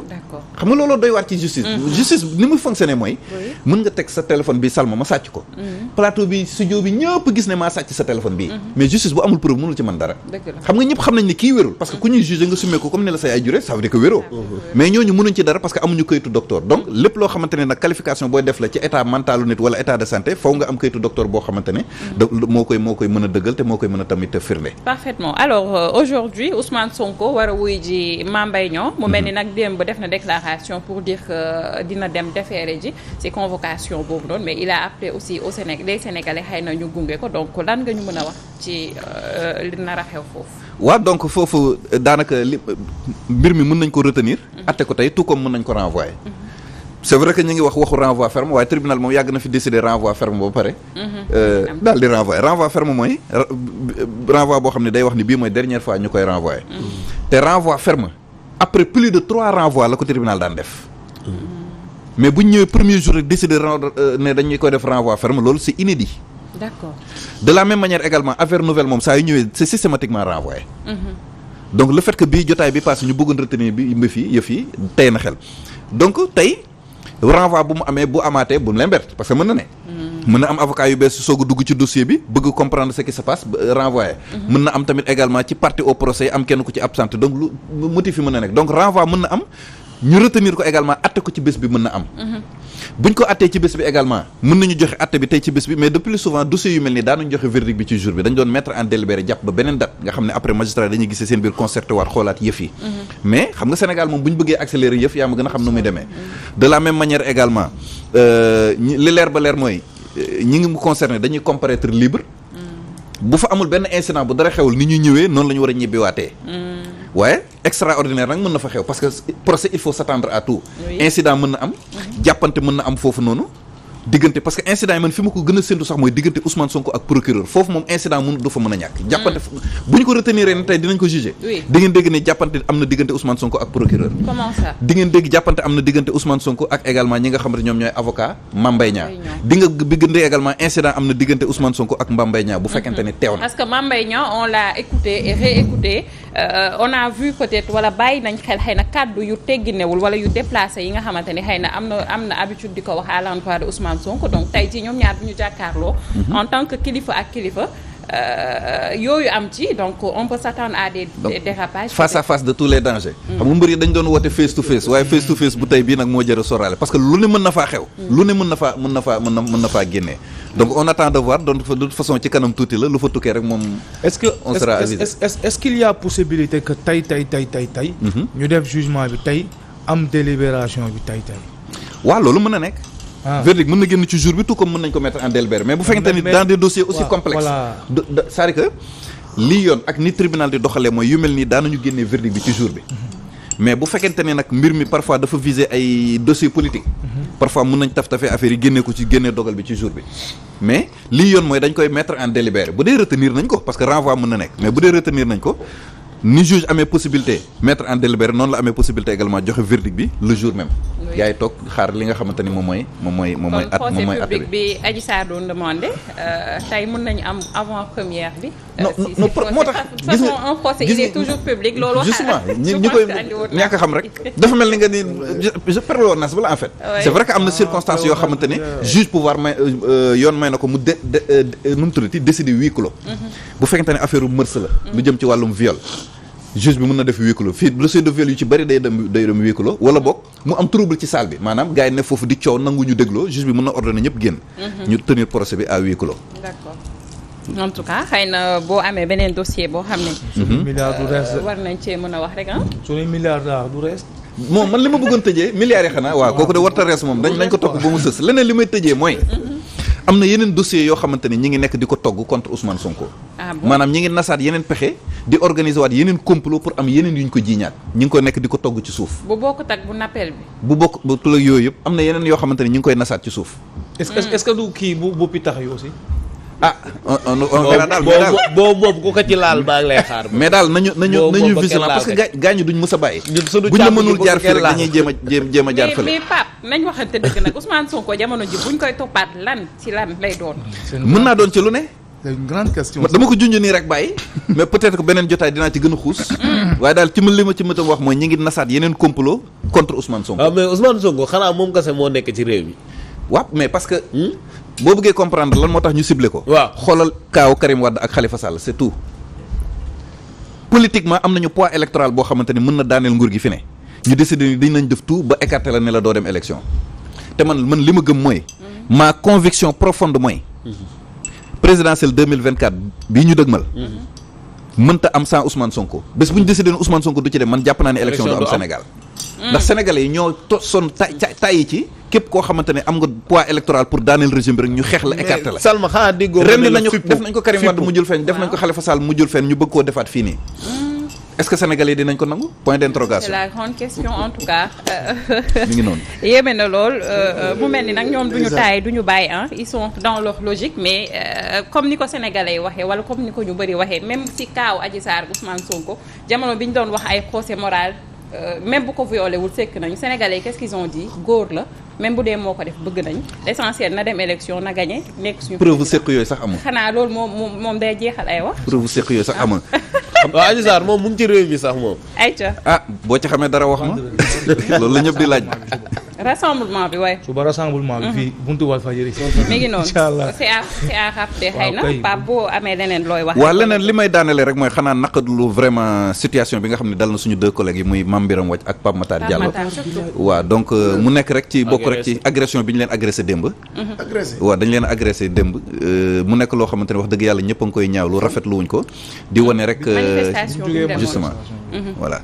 xam nga looloo doy waar ci justice mhm. justice ni muy fonctionner mooy mën nga teg sa téléphone bi Salma ma sàcc ko mhm. plateau bi studio bi ñëpp gis ne maa sàcc sa téléphone bi mhm. mais justice bu amul preuve mënul ci mën dara xam nga ñëpp xam nañ ne kii wérul parce que ku ñuy juger nga summee ko comme ne la sa yaay juree ça veut que wéroo aujourd'hui Ousmane Sonko war a wuy ji Mame Mbaye Niang mu mel ni mhm. nag ba def na déclaration pour dire que euh, dina dem defeere ji ci convocation boobu noonu mais il a appelé aussi au Sénégal les Sénégalais xëy na ñu gunge ko donc lan nga ñu mën a wax ci euh, li nar a xew foofu. waaw donc foofu euh, daanaka li mbir mi mën nañ ko retenir. Mhm. atte ko tey tout comme mën nañ ko renvoyer. Mhm. c'est vrai que ñu ngi wax waxu renvoi ferme waaye tribunal moom yàgg na fi décider renvoi ferme ba pare. Mhm. Euh, daal di renvoyer renvoi mooy renvoi boo xam ne day wax ni bii mooy dernière fois ñu koy renvoyer. Mhm. te renvoi ferme après plus de trois renvois la ko tribunal daan def. Mhm. mais bu ñu ñëwee premier jour rek décider euh, ne dañuy koy def renvoi ferme loolu c'est inédit. d'accord de la même manière également affaire nouvelle moom saa yu ñëwee c'est systématiquement renvoyé. donc le fait que bii jotaay bi paase ñu bëggoon retenir bi yëf yi yëf yi tey renvoi bu mu amee bu amaatee bu mu leen bett parce que mën na ne. Hmm. mën na am avocat yu bees soog a dugg ci dossier bi bëgg comprendre ce qui se passe euh, renvoyé. Hmm. mën na am tamit également ci partie au procès am kenn ku ci absente donc lu motif yi mën na nekk donc renvoi mën na am ñu retenir ko également atte ko ci bés bi mën na am. Hmm. buñ ko attee ci bés bi également mën nañu joxe atte bi tey ci bés bi mais de plus souvent dossiers yu mel ni daanañu joxe verdict bi ci jour bi dañ doon mettre en délibéré jàpp ba beneen date nga xam ne après magistrat dañuy gisee seen biir concerté waat xoolaat yëf yi mm-hmm. mais xam nga Sénégal moom bu ñu bëggee accélérer yëf yaa ma gën a xam nu muy demee de la même manière également euh, li leer ba leer mooy euh, ñi ngi mu concerné dañuy comparaître libre mm. bu fa amul ni ñuy ñëwee noonu la ñu war a ñibbiwaatee mm. waaye extraordinaire nag mën na fa xew parce que procès il faut s'attendre à tout incident mën na am mhm. jàppante mën na am foofu noonu diggante parce que incident yi man fi ma ko gën a séntu sax mooy diggante Ousmane Sonko ak procureur foofu moom incident mun du fa mën a ñàkk mm. jàppante bu ne tey dinañ ko jugé di ngeen dégg ne jàppante am na diggante Ousmane Sonko ak procureur comment ça di am na diggante Ousmane Sonko ak également ñi nga xamante ñoom ñooy avocat Mame Mbaye Niang di nga bi gën également incident am na diggante Ousmane Sonko ak Mame bu mhm. fekkente ne teew na parce que Euh, on a vu peut-être wala bàyyi nañ xel xëy na kàddu yu tegginewul wala yu déplacé yi nga xamante ni xëy na am na am na habitude di ko wax à l'endroit de Ousmane Sonko donc tey jii ñoom ñaar bu ñu jàkkaarloo. Mhm. en tant que kilifa ak kilifa. Euh, yooyu am ci donc on peut s'attendre à des dérapages face à face de tous les dangers mm. xam nga mbër yi dañ doon woote face to mm. face waaye face to face bu tey bii nag moo jëra soraale parce que lu ne mën na faa xew mm. lu ne mën na faa mën donc on attend de voir donc de toute façon ci kanam tuuti la lu fa tukkee rek moom. est-ce que on est-ce est-ce qu'il y a possibilité que tey tey tey tey tey. Mhm. ñu def jugement bi tey am délibération bi tey tey. waaw loolu mën na nekk. Ah. verdict mën na génn ci jour bi tout comme mën nañ ko mettre en délibéré mais bu fekkente ni dans des yoon ak ni tribunal doxalee mooy yu mel nii daanañu génnee verdict bi ci jour bi mhm. mais bu fekkente ni nag mbir mi parfois dafa viser ay dossiers politiques mhm. parfois mën nañ taf tafee affaire yi génne ko ci génne dogal bi ci jour bi mais lii yoon mooy dañ koy mettre en délibéré bu dee retenir nañ ko parce que renvoi mën na nekk mais bu dee retenir nañ ko ni juge amee possibilité mettre en délibéré noonu la amee possibilité également joxe verdict bi le jour même yaay toog xaar li nga xamante ni moom mooy moom mooy moom mooy at moom mooy at bi bi Adji Sarr doon demandé euh, tey mën nañu am avant euh, moo tax gis nga un procès il est toujours public loolu justement ñi ñi koy ñàkk xam rek dafa mel ni nga ni je parle woon naa si bala en fait c'est vrai que am na ah, circonstances yoo xamante ni juge pouvoir may euh, yoon may na ko mu de nu mu tuddati décider huis mhm. bu fekkente ne affaire u mërs la lu jëm ci wàllum viol juge bi mën na def huis fii dossier de viol yu ci bëri day dem day dem huis mu am trouble ci salle bi maanaam gars ne foofu di coow nangu ñu dégloo juge bi mën na ordonné ñëpp génn. Mhm. ñu tenir procès bi à huis boo xam ne. Mhm. suñu milliard du a wax rek ah. suñu milliard du reste. moom man li ma bëggoon tëjee milliards yi xanaa waaw kooku de warta rees moom dañ nañ ko topp ba mu sës leneen li may tëjee mooy. Mhm. am na yeneen dossiers yoo xamante ni ñi ngi nekk di ko togg contre Ousmane Sonko. Ah maanaam ñi ngi nasaat yeneen pexe di organiser waat yeneen complot pour am yeneen yu ñu ko jiiñaat ñi ngi ko nekk di ko togg ci suuf. bu bokkut ak bu nappel bi. bu bokk bu yooyu yëpp am na yeneen yoo xamante ni ñi ngi koy nasaat ci suuf. est-ce kii bu bu pitax yi ah on on verra daal mais daal boobu boobu ku ko ci laal baa ngi lay xaar. mais daal nañu nañu nañu vigilant parce que gaañu duñ mës bàyyi. buñ la mënul jaar fii rek dañuy jéem a jéem a jaar fële. mais mais Pape nañ waxante dëgg nag Ousmane Sonko jamono ji buñ koy toppaat lan ci lan lay doon. mën naa doon ci lu ne. c'est une grande question. dama ko junj nii rek bàyyi. mais peut-être beneen jotaay dinaa ci gën a xuus. Mm. waaye daal ci ma li ma ci mën a wax mooy ñi ngi nasaat yeneen complot contre boo bëggee comprendre lan moo tax ñu ciblé ko. waaw xoolal kaaw Karim Wade ak Khalifa Sall c'est tout. politiquement am nañu poids électoral boo xamante ni mën na daaneel nguur gi fi ne ñu décidé ni dañ lañ def tout ba écarté la ne la doo dem élection te man man li ma gëm mooy. Mm-hmm. ma conviction profonde mooy. Mm-hmm. présidentielle 2024 bii ñu dëgmal. Mm-hmm. mënta am sans Ousmane Sonko bés bu ñu décidé ne Ousmane Sonko du ci dem man jàpp naa ne élection du am Sénégal. Mm. ndax sénégalais yi ñoo to son ta tàyyi ci képp koo xamante ne am nga poids électoral pour daaneel régime bi rek ñu xeex la écarté la Salma xanaa déggoo ren nañu def nañ ko Karim def nañ ko ah. Khalifa ñu bëgg koo defaat fii nii mm. est-ce ko nangu point d'interrogation. c'est la grande question na lool euh, euh, mu mel ni nag ñoom duñu taay duñu bàyyi ah ils sont dans leur logique mais euh, comme ni ko sénégalais yi waxee wala comme ni ko ñu bëri waxee même si kaaw Adji Sarr Ousmane ko jamono bi ñu doon wax ay procès moral Euh, même bu ko violé wul sekk nañu sénégalais qu'est-ce qu'ils góor la même bu dee moo ko def bëgg nañ l'essentiel na dem élection na gagné nekk suñu. preuve sekk yooyu sax amul. xanaa loolu moom moom moom day jeexal ay wax. preuve sekk yooyu sax amul. waaw Adji Sarr moom mu ngi ci réew mi sax moom. ayca ah boo ci xamee dara wax ma loolu la ñëpp di laaj. rassemblement bi waay. suba rassemblement bi. fii buntu Walfadjri. mi ngi noonu incha allah c'est à na Pape boo amee leneen looy wax. waaw leneen li may daanelee rek mooy xanaa lu vraiment situation bi nga xam ne dal na suñu deux collègues yi muy Mame Birame Wathie ak Pape Matar Diallo. waaw donc euh, mu nekk rek ci bokk rek ci agression bi ñu leen agressé démb. Mhm. agressé waaw dañu leen agressé démb. Euh, mu nekk loo xamante ne wax dëgg yàlla ñëpp a ngi koy ñaawlu rafetlu wuñ ko di wane rek. Euh, manifestation justement mhm. voilà.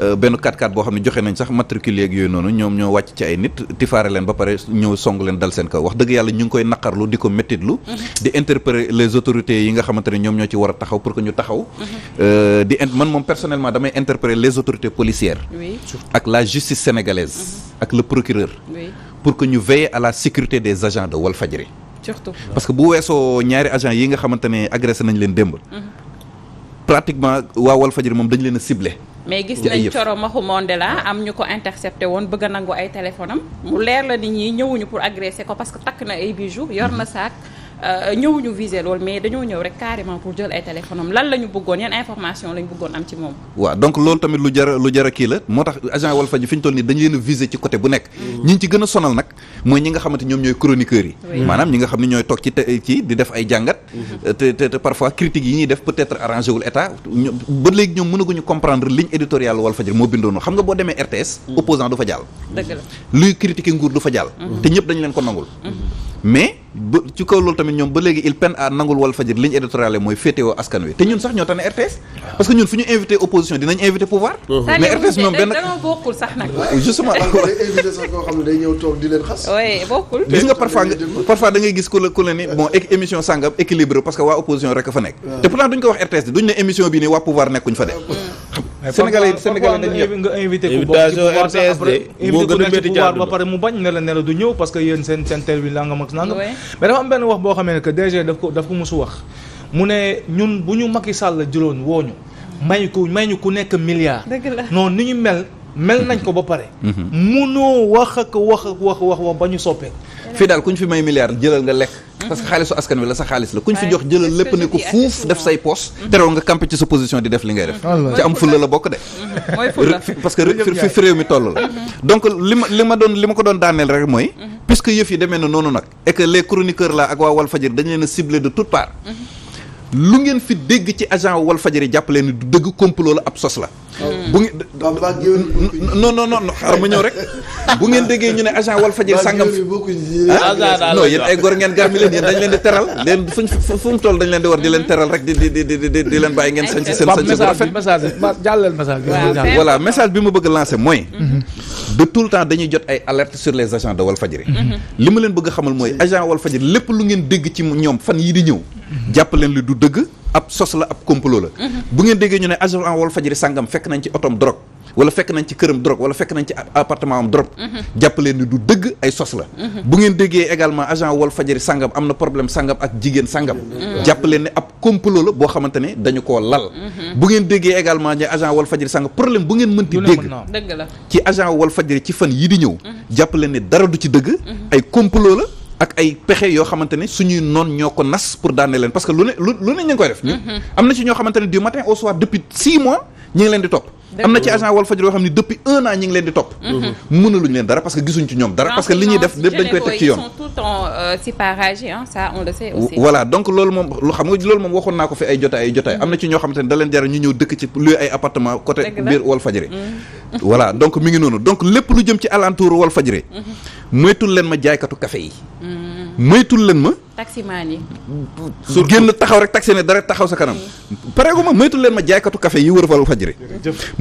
Euh, benn 4-4 boo xam ne joxe nañ sax matricule yeeg yooyu noonu ñoom ñoo wàcc ci ay nit tifaare leen ba pare ñëw song leen dal seen kaw wax dëgg yàlla ñu ngi koy naqarlu di ko méttitlu mhm. di interpeller les autorités yi nga xamante ne ñoom ñoo ci war a taxaw pour que ñu taxaw mhm. euh, di man moom personnellement damay interpeller les autorités policières ak la justice sénégalaise mhm. ak le procureur pour que ñu veiller à la sécurité des agents de Walfadjri surtout parce que bu weesoo ñaari agents yi nga xamante ne agressé nañ leen démb pratiquement waa Walfadjri moom dañ leen a ciblé mais gis nañ Coro Maxu Mandela am ñu ko intercepté woon bëgg a nangu ay téléphone mu leer la nit ñi ñëwuñu pour agresser ko parce que takk na ay bijoux yor na saak Euh, ñëwuñu viser loolu mais dañoo ñëw rek carrément pour jël ay téléphone am lan la ñu bëggoon yan information lañu bëggoon am ci moom waaw donc loolu tamit lu jar lu jar kii la moo tax agent Walfadjri fi ñu toll nii dañu a viser ci côté bu nekk mm. ñi ci gën a sonal nag mooy ñi nga xamante ñoom ñooy chroniqueurs yi maanaam ñi nga xam ne ñooy toog ci ci di def ay jàngat mm-hmm. euh, te te parfois critiques yi ñuy def peut moo bindoon xam nga boo demee RTS mm. opposant fa jàll luy critiquer nguur du mm-hmm. ñëpp dañ leen ko nangul mm-hmm. mais ba ci kaw loolu tamit ñoom ba léegi il peine à nangul wal fajir ligne éditoriale mooy féetewoo askan wi te ñun sax ñoo tane RTS. parce que ñun fu ñu invité opposition dinañ invité pouvoir. mais RTS moom benn dañoo bokkul sax nag. justement invité sax gis nga parfois nga parfois da gis ku la ku la ni bon émission sàngam équilibre parce que waa opposition rek fa nekk. te pourtant duñ ko wax RTS duñ ne émission bii nii waa pouvoir nekkuñ fa de. Sénégalais Sénégalais dañuy nga invité ku bokk ci pouvoir sax après invité ku nekk ci pouvoir ba pare mu bañ ne la du ñëw parce que yéen seen seen teel bi nangam ak nangam mais dafa am benn wax boo xamee ne que daf ko daf ko mosu wax mu ne ñun bu ñu Macky Sall jëloon wooñu may ku may ñu ku nekk milliard non ni ñu mel mel nañ ko ba pare. Mhm. munoo wax ak wax ak wax wax wax ba ñu soppee fii daal ku ñu fi may milliard jëlal nga lekk. Mhm. parce que xaalisu askan wi la sa xaalis la ku ñu fi jox jëlal lépp ne ko fuuf def say poos. teroo nga campé ci sa position di def li ngay def. ci am fulla la bokk de. parce que fi fi réew mi toll la. Mhm. donc li ma li ma doon li ma ko doon daaneel rek mooy. puisque yëf yi demee na noonu nag. et que les chroniqueurs là ak waa Walfadjri dañu leen a lu ngeen fi dégg ci agent wal fajari jàppale ni du dëgg complo la ab sos la. bu ngeen. non non non xaaral ma ñëw rek bu ngeen déggee ñu ne agent wal fajari sàngam. ah non yéen ay gor ngeen gàmmi leen yéen dañ leen di teral leen fuñ fu mu toll dañ leen di war di leen teral rek di di di di di leen bàyyi ngeen sañ si seen. sañ si bu rafet message bi ma bëgg lancer mooy. Mhm. de tout le temps dañuy jot ay alertes sur les agents de wal fajari. Mhm. li ma leen bëgg xamal mooy agent wal fajari lépp lu ngeen dégg ci ñoom fan yi di ñëw jàpp leen li du dëgg ab sos la ab complot la mhm. bu ngeen déggee ñu ne agent en Walfadjri sàngam fekk nañ ci otom drogue wala fekk nañ ci këram drogue wala fekk nañ ci appartement am drogue mhm. jàpp leen ni du dëgg ay sos la mhm. bu ngeen déggee egalement agent Walfadjri sàngam am na problème sàngam ak jigéen sàngam jàpp leen ne ab complot la boo xamante ne dañu koo lal bu ngeen déggee également ne agent Walfadjri sàngam problème bu ngeen mënti dégg ci agent Walfadjri ci fan yi di ñëw jàpp leen dara du ci dëgg ay complot la ak ay pexe yoo xamante ne suñuy noon ñoo ko nas pour daane leen parce que lu ne lu lu ne ñu ngi koy def. Mm-hmm. am na ci ñoo xamante ne du matin au soir depuis six mois ñu ngi leen di topp. am na ci agent Walfadjri yoo xam ne depuis un an ñi ngi leen di topp mhm. mënaluñ leen dara parce que gisuñ ci ñoom dara parce que li ñuy def lépp dañ koy teg ci yoon euh, voilà donc loolu moom lu xam nga loolu moom waxoon naa ko fi ay jotaay ay jotaay am na ci ñoo xamante ne da leen jar ñu ñëw dëkk ci luy ay appartement côté biir Walfadjri mhm. voilà donc mi ngi noonu donc lépp lu jëm ci alentour Walfadjri mhm. moytul leen ma jaaykatu kafe yi moytul leen ma. taximaan yi. su génn taxaw rek taxi ne dara taxaw sa kanam. pareegu ma moytul leen ma jaaykatu kafe yi wër Walf Fadjri.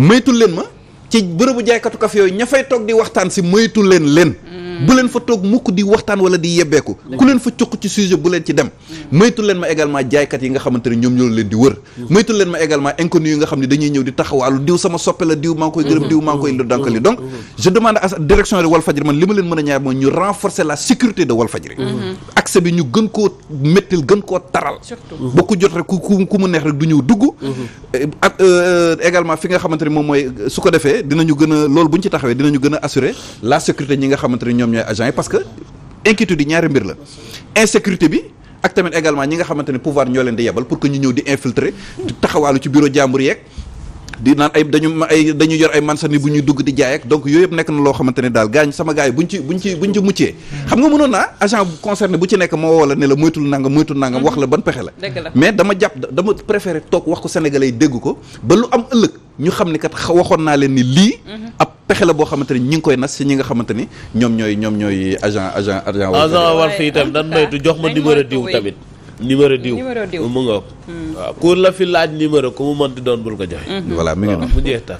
moytul leen ma ci bërëbu jaaykatu kafe yooyu ña fay toog di waxtaan si moytu leen leen. Mm. bu leen fa toog mukk di waxtaan wala di yebbeeku ku leen fa cuq ci sujet bu leen ci dem moytu leen ma également jaaykat yi nga xamante ne ñoom ñoo leen di wër moytu leen ma également inconnu yi nga xam di taxawaalu diw sama soppe la diw maa koy gërëm diw maa koy li donc je demande à a ñaar mooy ñu renforcer la sécurité de Walfadjri mm-hmm. accès bi ñu koo méttil gën koo taral ba ku jot rek ku ku mu neex rek du ñëw dugg mm-hmm. euh, moom mooy su ko defee dinañu gën a loolu buñ taxawee dinañu gën a assurer la sécurité nga xamante ne ñoom ñoom ñooy agents yi parce que inquiétude yi ñaari mbir la insécurité bi ak tamit également ñi nga xamante ne pouvoir ñoo leen di yebal pour que ñu ñëw di infiltrer taxawaalu ci bureau jàmbur yeeg di naan ay dañu ay dañu yor ay mansani bu ñuy dugg di jaay ak donc yooyu yëpp nekk na loo xamante ne daal gaañ sama gars yi buñ ci buñ ci buñ ci muccee xam nga mënoon naa agent concerné bu ci nekk moo woo la ne la moytul nangam wax la ban pexe la mais dama jàpp dama préféré toog wax ko sénégalais yi dégg ko ba lu am ëllëg ñu xam ni kat waxoon naa leen ni lii mhm. ab pexe la boo xamante ni ñi ngi koy nas si ñi nga xamante ni ñoom ñooy ñoom ñooy agent agent agent war fi itam dan moytu jox ma numéro diw tamit numéro diw numéro diw nga hmm. waaw ku la fi laaj numéro ku mu mënti doon bul ko joxe. Hmm. voilà mi ngi noonu bu jeex tax.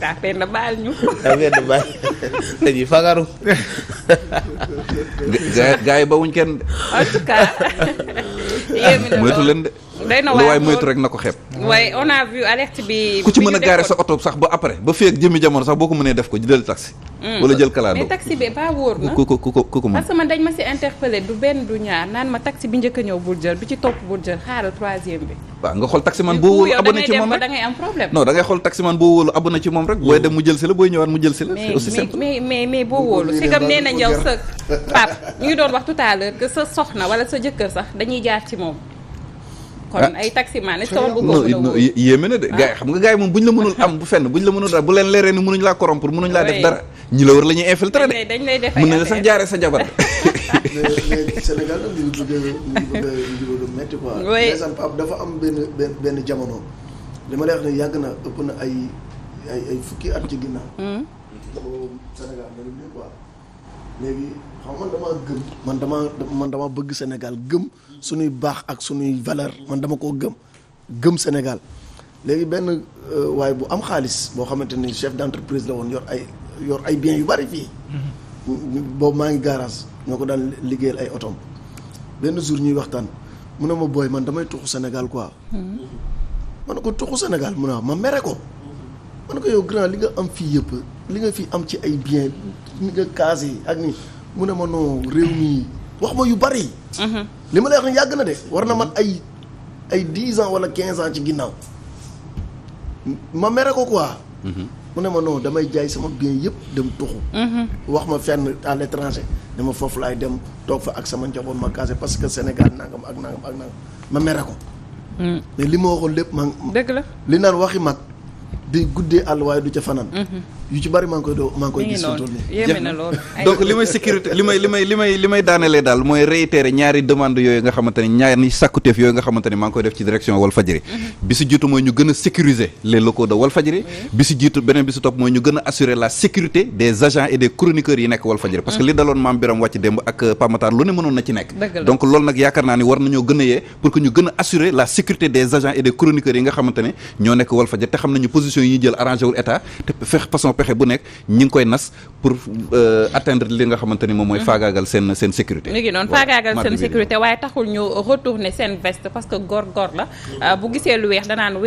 daa fee na baal ñu. daa fee na baal dañuy fagaru. gaa yi kenn de. en tout cas. moytu ko xeeb. waaye on a vu bi. ku ci mën a gaare oto sax ba après ba feeg jëmmi sax boo mënee def ko jël taxi. Hmm. wala jël kalaandoo mais taxi bi ba na. ku ku ku ku ko ma si interpellé du benn du ñaar naan ma taxi bi njëkk ñëw bul jël bi ci topp bul jël xaaral troisième bi. waaw nga xool taxi man boo wóor abonné ci moom rek da ngay boo wóolu abu na ci moom rek. booy dem mu jël si la booy ñëwaat mu jël si la. c'est aussi simple mais mais mais boo wóolu. si comme nee na sa pap ñu ngi doon wax tout à l'heure que sa soxna wala sa jëkkër sax dañuy jaar ci moom. kon ah. ay taximan est-ce que yéeme na de ah. gars yi xam nga gars moom bu ñu la am bu fenn bu la mënul dara bu leen leeree ni mënuñ laa corrompre mënuñ laa def dara ñi la wër la ñuy infiltrer de dañ lay def mën nañ la sax jaaree sa jabar mais Sénégal nag liñ bëgg liñ bëgg liñ bëgg métti quoi dafa am benn benn benn jamono li ma lay wax ne yàgg na ëpp na ay ay ay fukki at ci ginnaaw. Hmm. léegi xam man damaa gëm. man dama man dama bëgg Sénégal gëm suñuy baax ak suñuy valeur man dama koo gëm gëm Sénégal léegi benn euh, waaye bu am xaalis boo xamante ni chef d'entreprise la woon yor ay yor ay biens yu bari fii. Hmm. boobu maa ngi garage ñoo ko daan liggéeyal ay otom benn jour ñuy waxtaan mu ne ma booy man damay tuxu Sénégal quoi. Hmm. ma ne ko tuxu Sénégal mun a ma mere ko ma ne ko yow grand li nga am fii yëpp li nga fi am ci ay bien ni nga casé ak ni mu ne ma non réew mi wax ma yu bari mhm. li ma lay wax ni yàgg na de war na man ay ay dix ans wala quinze ans ci ginnaaw ma mere ko quoi mhm. mu ne ma non damay jaay sama bien yëpp dem tuxu mhm. wax ma fenn à l'étranger dama foofu laay dem toog fa ak sama njaboot ma casé parce que Sénégal nangam ak nangam ak nangam ma mere ko Hmm. mais li ma waxoon lépp ma. dëgg la li naan waxi mag. day guddee àll waaye du ca fanaan. Mhm. yu ci bari maa koy doo maa koy gis. fi may sécurité daal mooy réitérer ñaari demande yooyu nga xamante ñaari sàkkuteef yooyu nga xamante maa ngi koy def ci direction Walfadjri mhm. bi si jiitu mooy ñu gën a sécuriser les locaux de Walfadjri bi si jiitu beneen bi topp mooy ñu gën a la sécurité des agents et des chroniqueurs yi nekk Walfadjri parce que li mhm. daloon maam Biram wàcc démb ak euh, Pamatar lu ne mënoon décisions yi jël arrangé état te fex façon pexe bu nekk ñi ngi koy nas pour euh, atteindre li nga xamante moom mooy mm-hmm. faagaagal seen seen sécurité. mi ngi noonu faagaagal seen sécurité waaye taxul ñu retourner seen veste parce que góor la euh, bu gisee lu weex danaan